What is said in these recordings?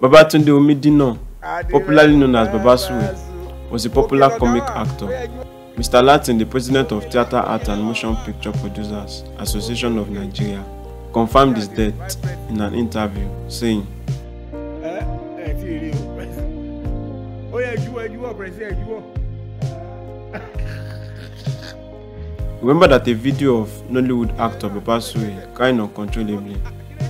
Babatunde Omidina, popularly known as Babasuwe, was a popular comic actor. Mr. Latin, the president of Theatre Art and Motion Picture Producers Association of Nigeria, confirmed his death in an interview, saying, Remember that a video of Nollywood actor Babasuwe eh, crying uncontrollably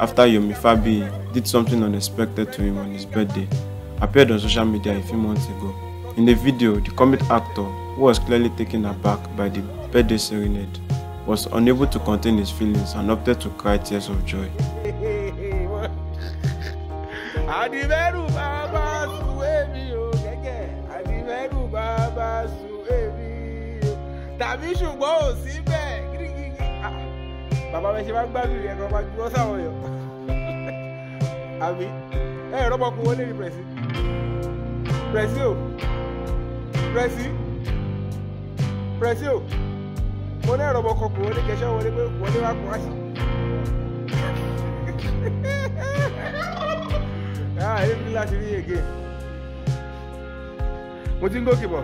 after Yomi Fabi did something unexpected to him on his birthday, appeared on social media a few months ago. In the video, the comic actor, who was clearly taken aback by the birthday serenade, was unable to contain his feelings and opted to cry tears of joy. tàbí ṣùgbọ́n ò síbẹ̀ bàbá bẹ ṣe máa ń gbádùn ẹ̀rọ máa ju sáwọn yọ àbí ẹ̀ rọ́bọ̀kú wọlé ní pẹ̀sì pẹ̀sì o pẹ̀sì pẹ̀sì o mo ní ẹ̀rọ ọmọkọ kò wọlé kẹṣẹ́ wọlé pé wọlé wá kún àṣì. ah èmi láti rí again mo ti ń gòkè bọ̀.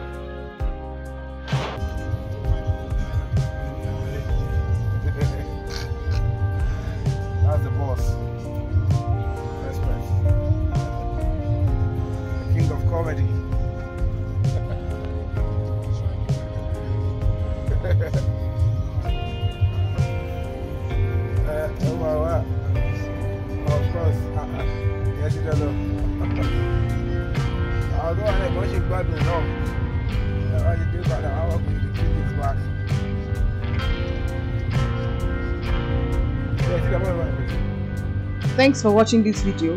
already. uh, oh, wow, wow. of oh, course. Uh -uh. Yes, you don't know. I'll go ahead and do hour keep this back. Thanks for watching this video.